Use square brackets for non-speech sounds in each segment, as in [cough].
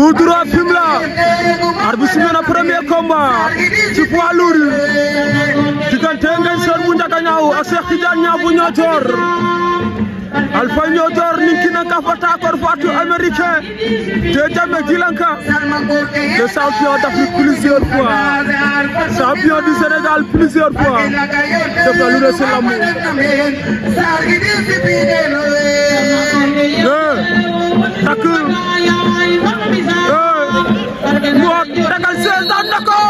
tout droit Fimela arbitre na premier combat ci poids lourd yi diggante Ngagne Sène bu Ndiaga Niao ak ninkina kafata d'Afrique plusieurs fois champion du Senegal plusieurs fois def na lu ne si lamb moo ragal seen daan na ko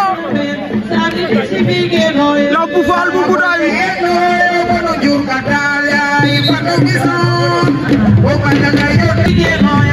law bu faal bu buday o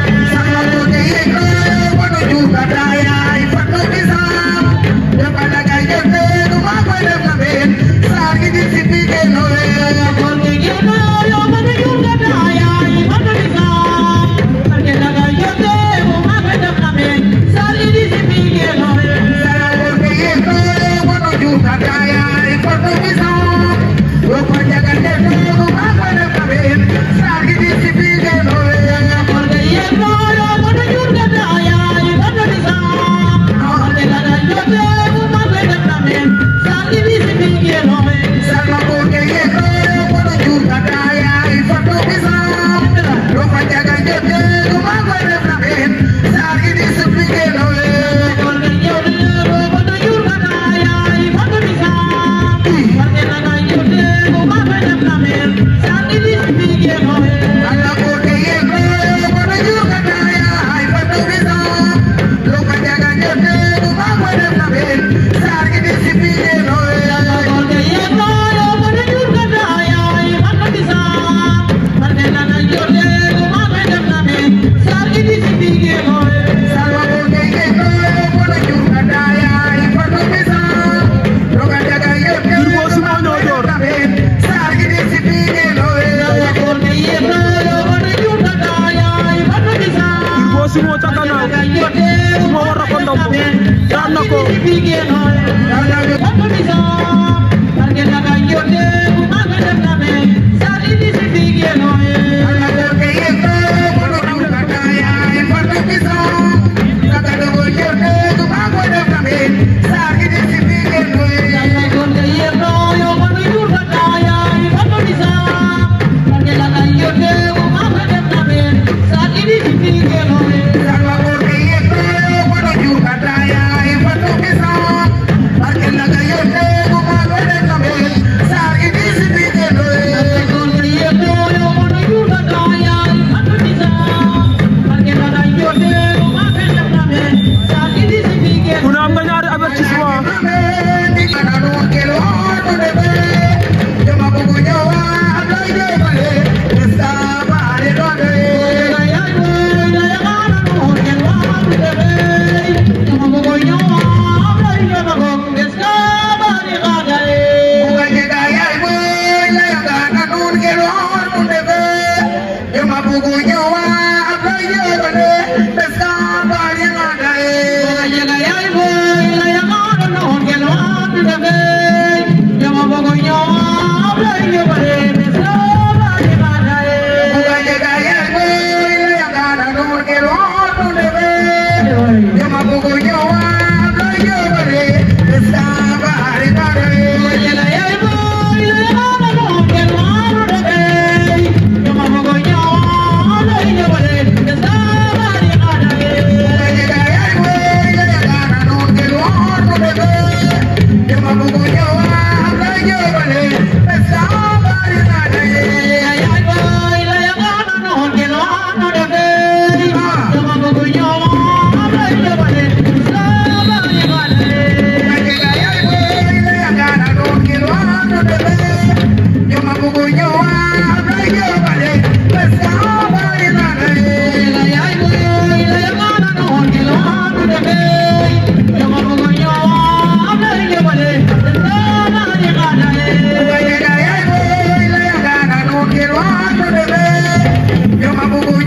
Hallelujah.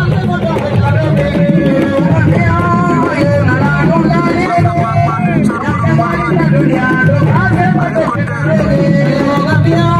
¡Vamos cambiar.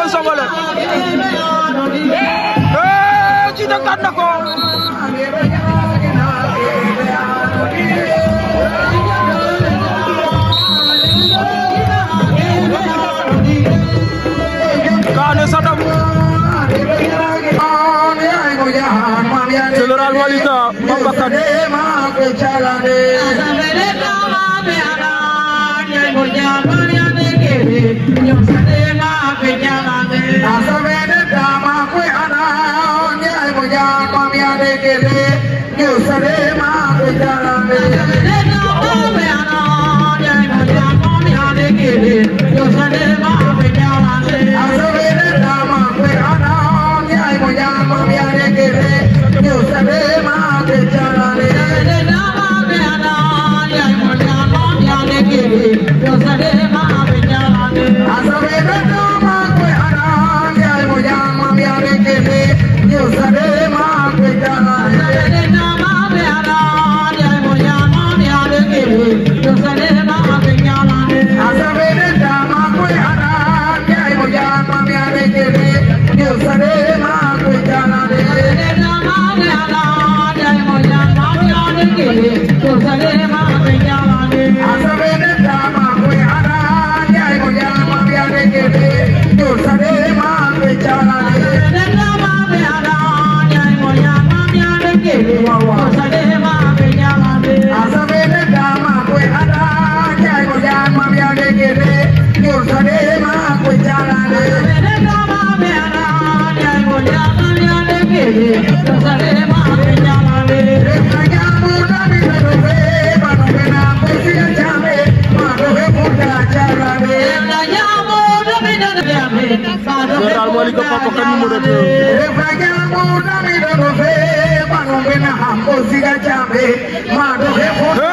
koy songale eh ci dang tan nako Kane sadam General Walita Mambakan Nyosade ko papa kan numéro 2 refage mo dami do fe bango na hambo siga chambe ma do he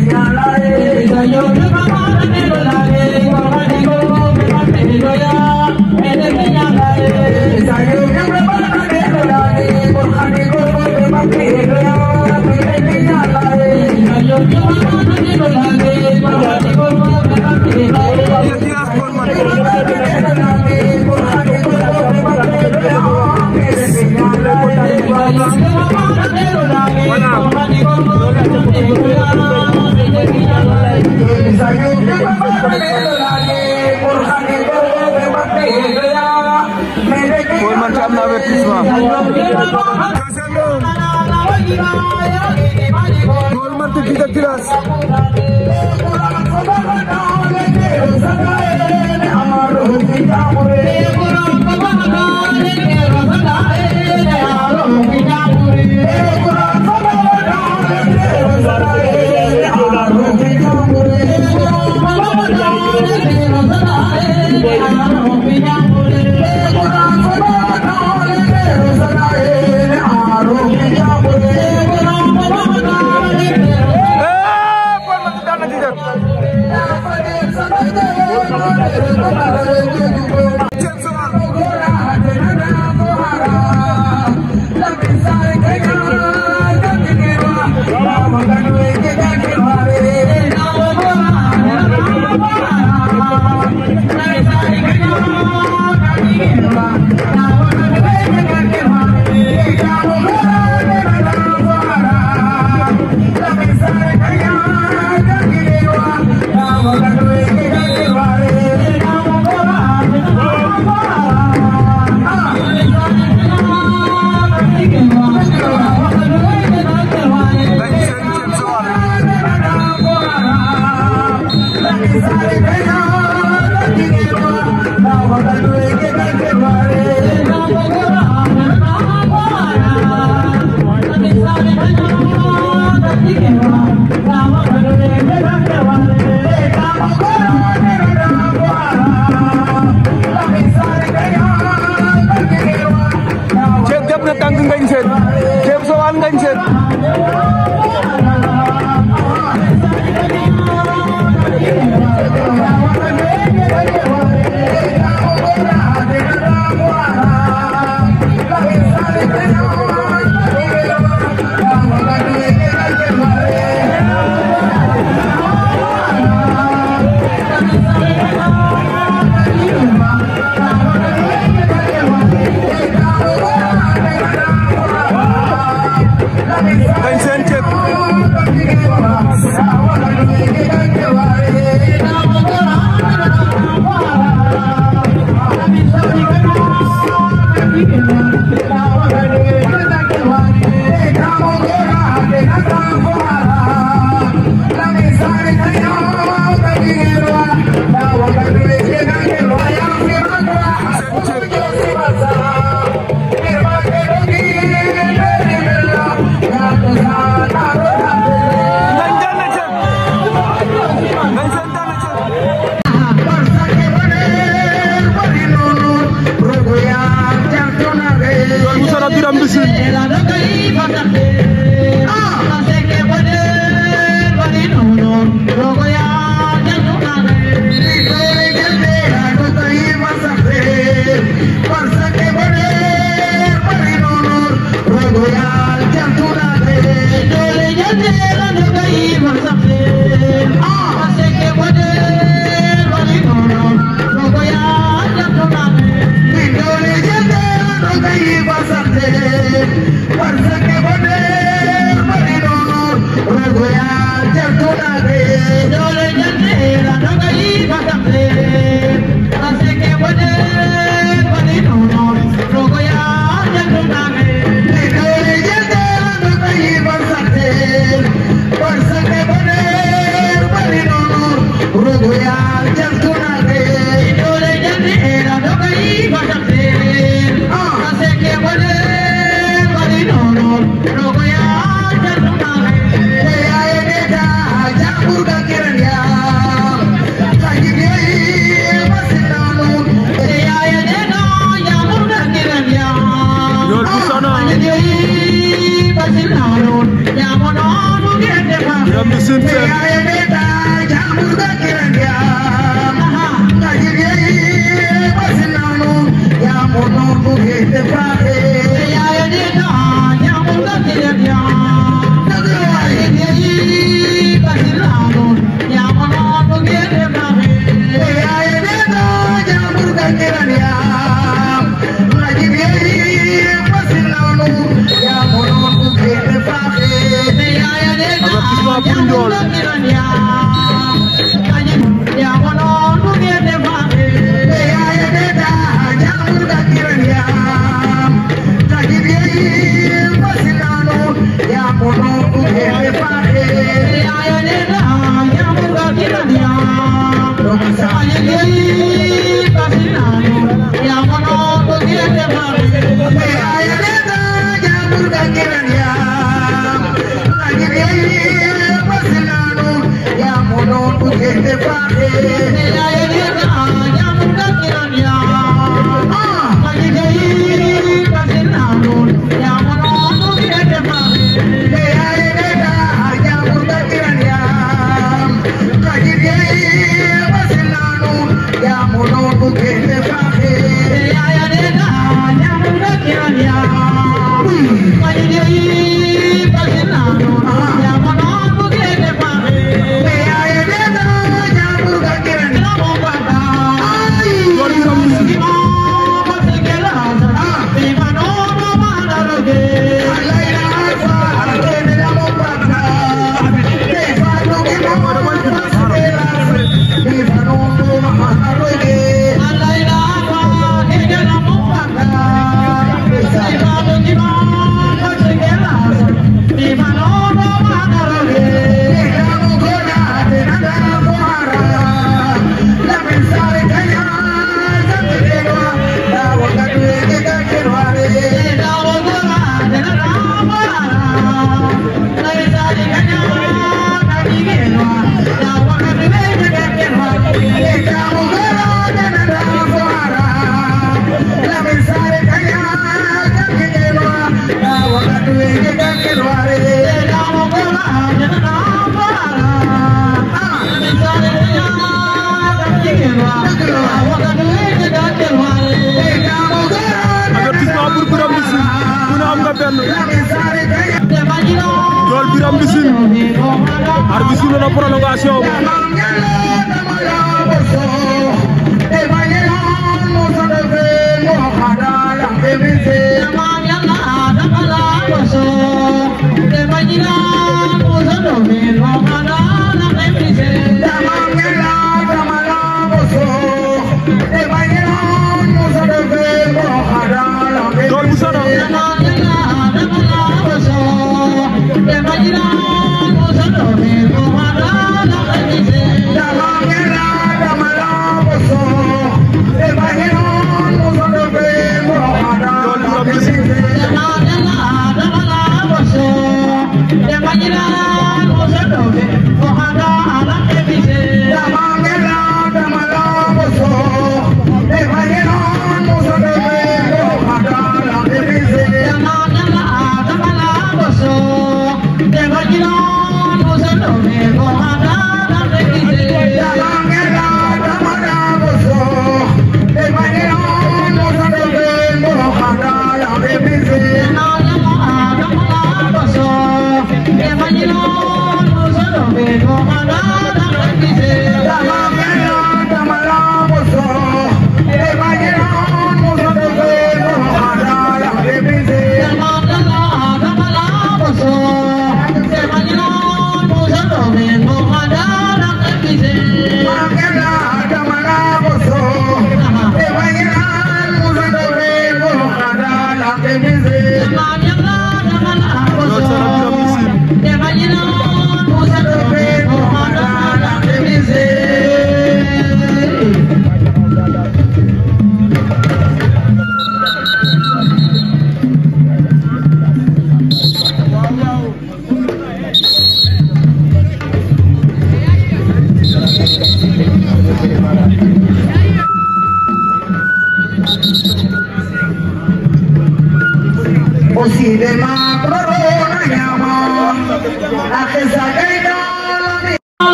señalar मिलीर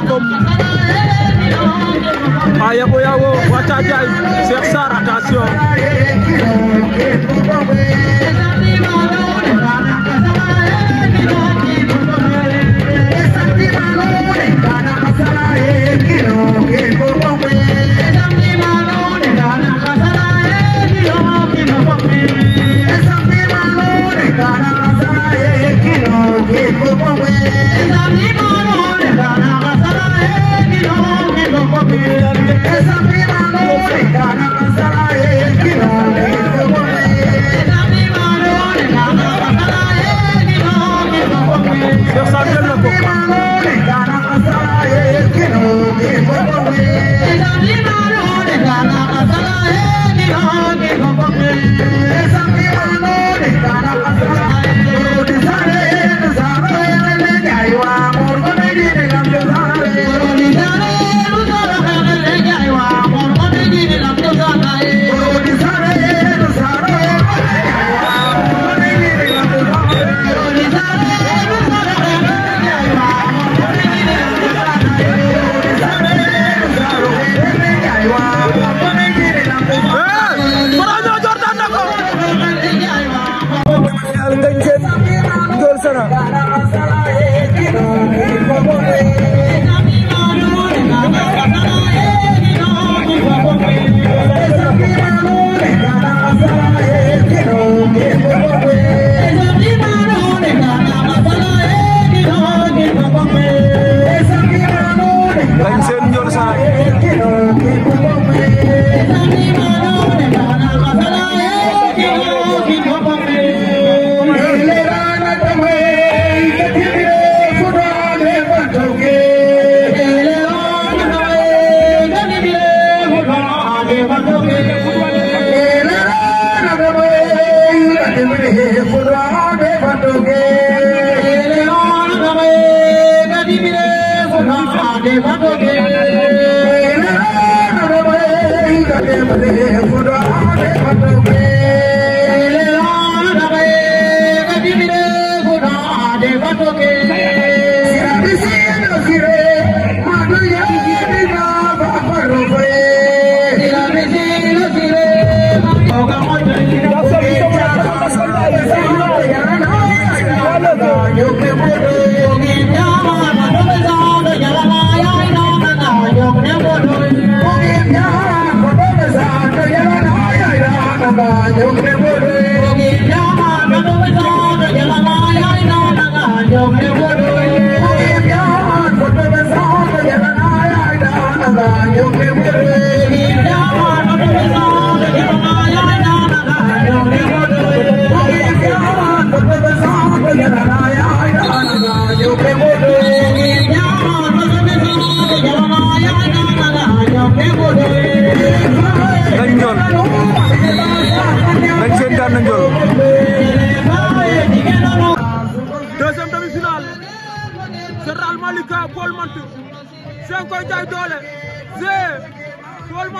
Yakob a Yako Yako wa Cajaay Cheikh Sarr attention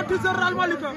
تزر الملكة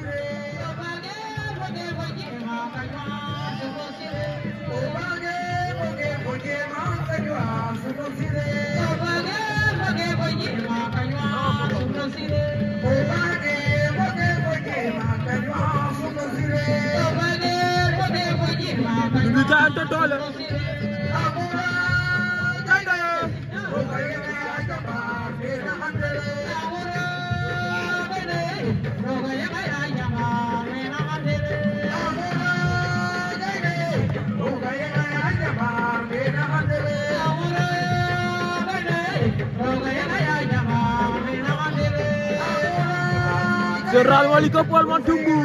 Général Malika Paul Mantou Mbour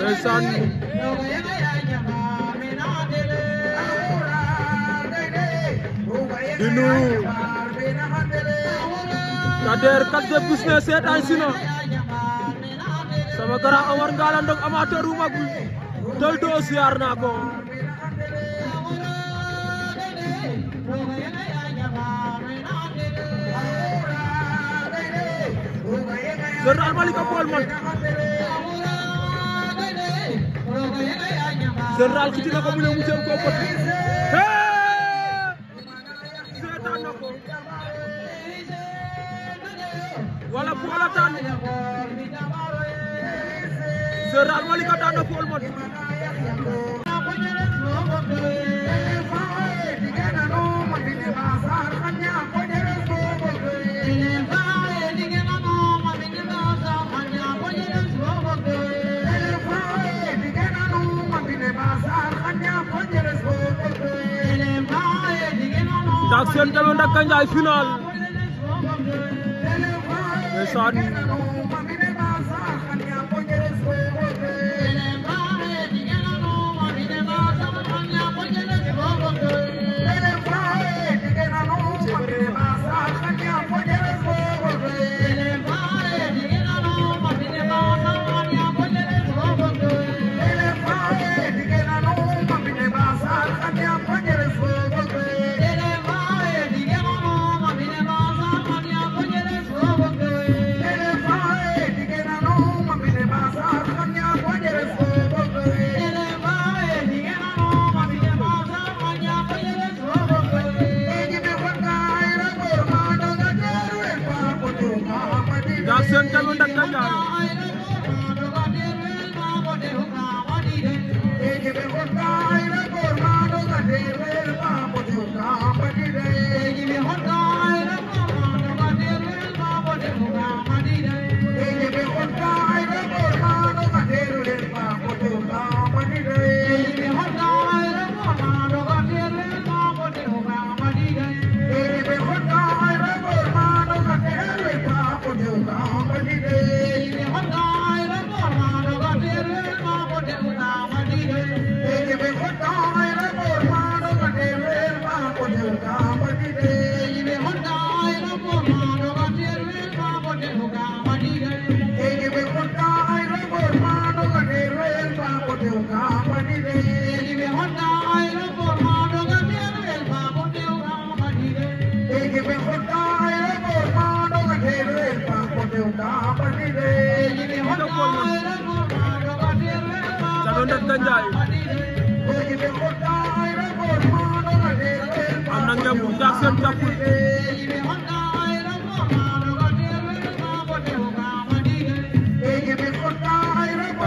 ndeysaan di nuyu Kader Kader business seetaan si na sama grand Omar Ngalla Ndong amateur bu mag bi tey doo siyaar naa ko général Malika Paul Mott général xiti na ko mu ne mu jëm koo pot seetaan na ko wala bu xalataan Seereer Almalika daan na Paul Menthe Jackson Diallo Ndaka Ndiaye final ndeysaan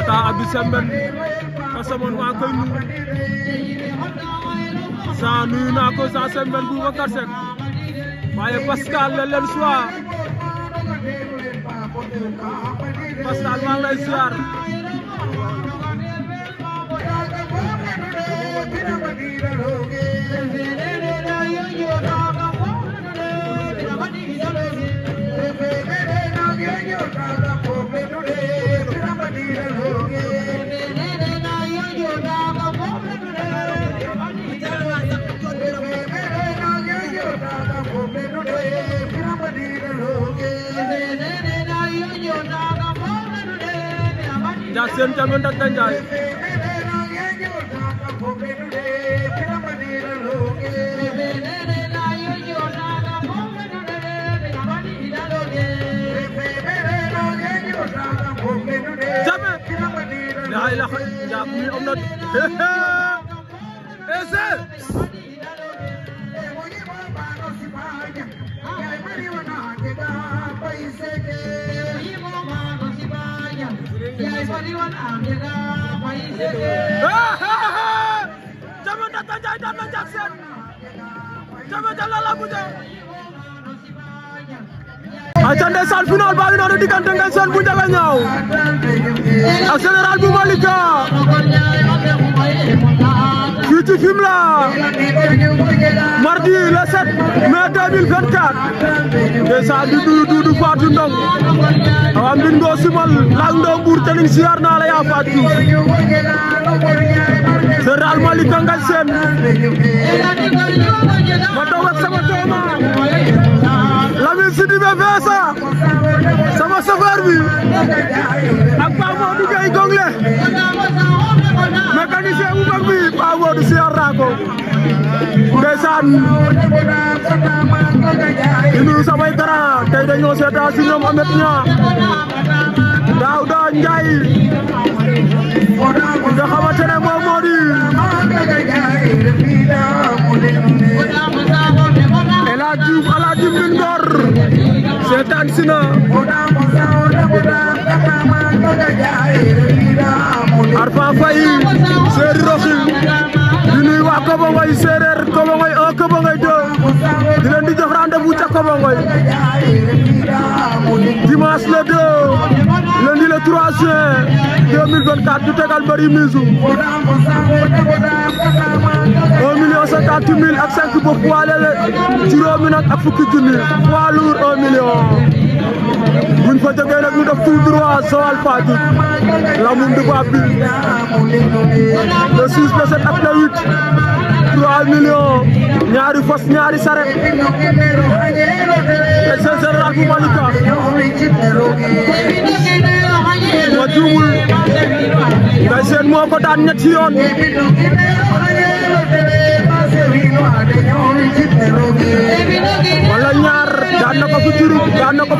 a Abi Sembène Casamance maa koy nuyu saa nuyu naa ko saa Sembène Boubacar Seck waaye Pascal la leen soir maa ngi lay seen camion Dak Tandiaye Jamme la ilaha illa Allah am na [laughs] Taiwan Amira Bayi Sege ha, ha, ha, Jangan datang jahit dan menjaksin Jangan jalan lagu Acan desa final baru nak dudukkan dengan sen punca kenyau Akseleran bumalika Akseleran bumalika fii ci Fimela mardi le 7 mai 2024 ndeysaan di nuyu Fatou Ndong simal lang ndo mbuur tening siyaar naa la yaa Fatou Général ma ak sama dooma Lamine Sidibé Veesa sama bi ak siyaar naa ko ndeysaan di nuyu samay dara tey dañoo seetaa si ñoom Amet Ñaa Daawda Njaay nga xamante ne moom moo di El Hadj seetaan si na Arfa Seeri Roxi waa Kobongoy séeréer Kobongoy un oh, Kobongoy deux di leen di jox rendez-vous ca Kobongoy dimanche le deux lundi le 3 juin Bari Misu 1 million cinquante mille ak cinq bopp waale la juróomi nag ak fukki junni poids lourd 1 million buñ fa jógee nag ñu def tout droit Joal Fadiouth Lamoune va pile le 6 le 7 ak le 8 3 millions ñaari fas ñaari saret direction générale bu Malika ma juumul ngay seen moo ko daan ñetti yoon daan na ko fi Diouroup daan ak fan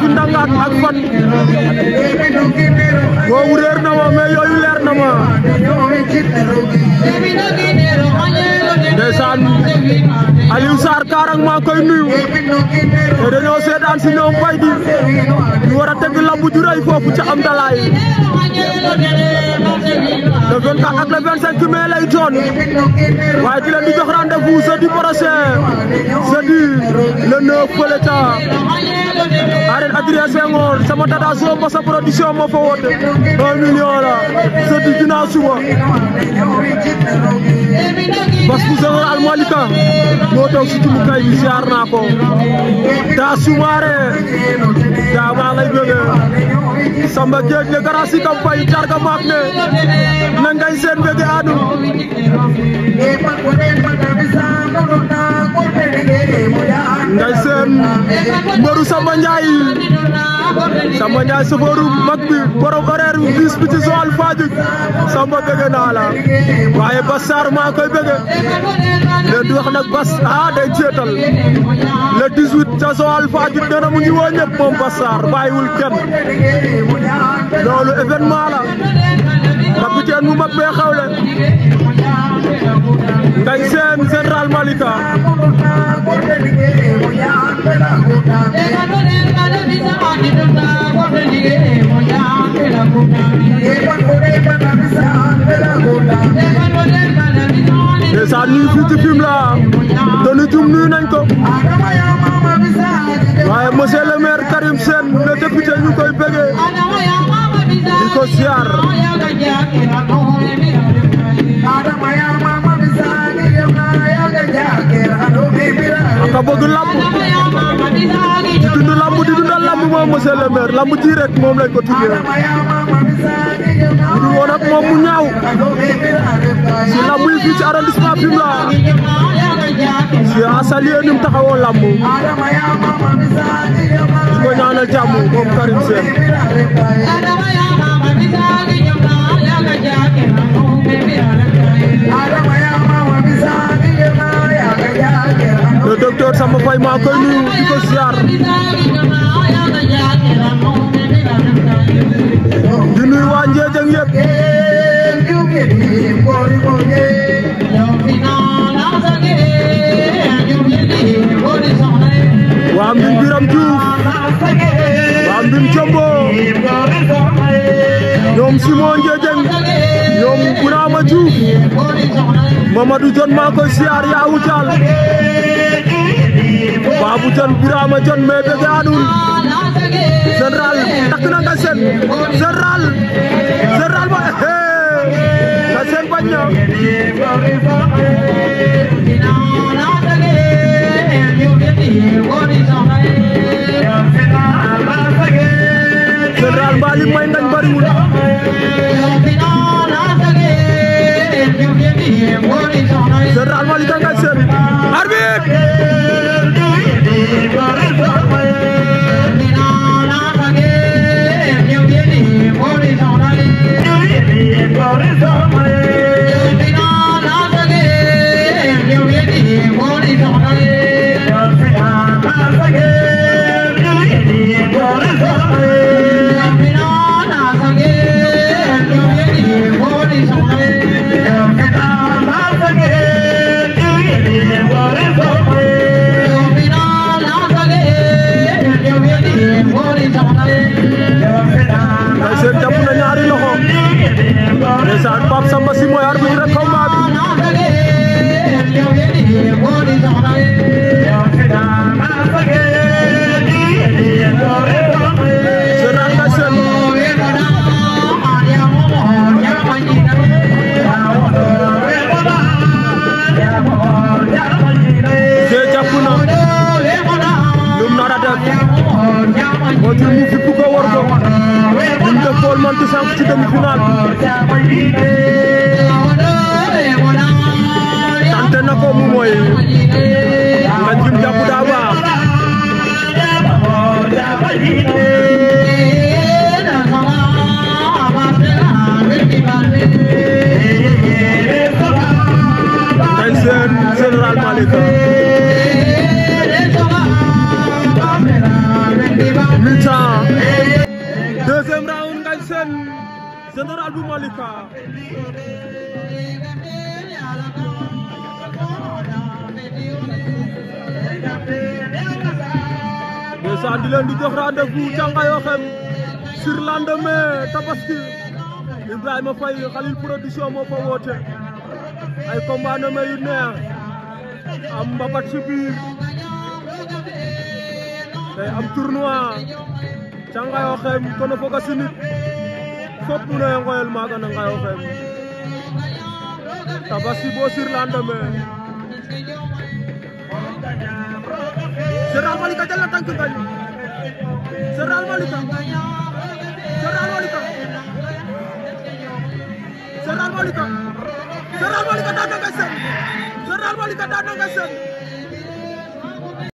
boobu réer na ma mais yooyu leer na ma ndeysaan Aliou Sarr Karang maa koy nuyu te dañoo seetaan si ñoom bay di ñu war a tëgg lamb ju foofu ca am dalaay le 24 ak le 25 mai lay doon waaye di di jox rendez-vous jeudi prochain jeudi le 9 fële ca arène Adrien Senghor sama tata soo ma sa production moo fa woote un million la suba bas bu almalika moo taw si tumu kay bi siyaar naa ko daa sumaare daa maa lay samba géej ne gara si jarga maak ne na ngay seen adu Nday Seen mbëru Samba Ndiaye Samba Ndiaye sofooru mag bi borom horaire bi ci Joal Fadiouth Samba bëgg naa la waaye Bas maa koy bëgg leen di wax nag Bas ah day jeetal le 18 ca Joal Fadiouth nee na mu ngi woo ñëpp moom Bas Sarr bàyyiwul kenn loolu événement la capitaine mu mag bee xawle Nday Seen Malika. ndeysaan ñuy fii ci Fimela Tony Dioum nuyu nañ ko waaye monsieur le maire Karim Sène le député mama bisa ni ka bëgg lamb di dund lamb di dundal lamb moom monsieur le maire lamb ji moom lañ ko tuddee ñu woon moom mu ñaaw si lamb yi fii ci arrondissement Fimela si asalier mu taxawoo lamb di ko ñaanal moom Karim le docteur Samba Faye maa koy nuyu di ko siyaar di nuyu waa Ndiédiène yëpp waa Mbine Biram Diouf waa Mbine Jombo ñoom Simon Ndiédiène ñoom Birama Diouf Mamadou Dione maa koy siyaar yaa wutal Babou Dione Birama Dione mais bëgg anul général takk na nga seen général général ba nga seen bañ na général ba li may ndañ bariwul sànq ci demi-finale bi Abu Malika. ndeysaan di leen di ada rendez-vous ca Ngayokhem sur lendemain Tabaski Ibrahima Faye Khalil production moo fa woote ay combat nommé yu am am tournoi kono fokus nit foppuno e ngoyol maga no ngayo fem tabaski bo sur landeme Seral Malika jalan tangkung kayu Seral Malika Seral Malika Seral Malika Seral Malika datang ke sen Seral Malika datang ke sen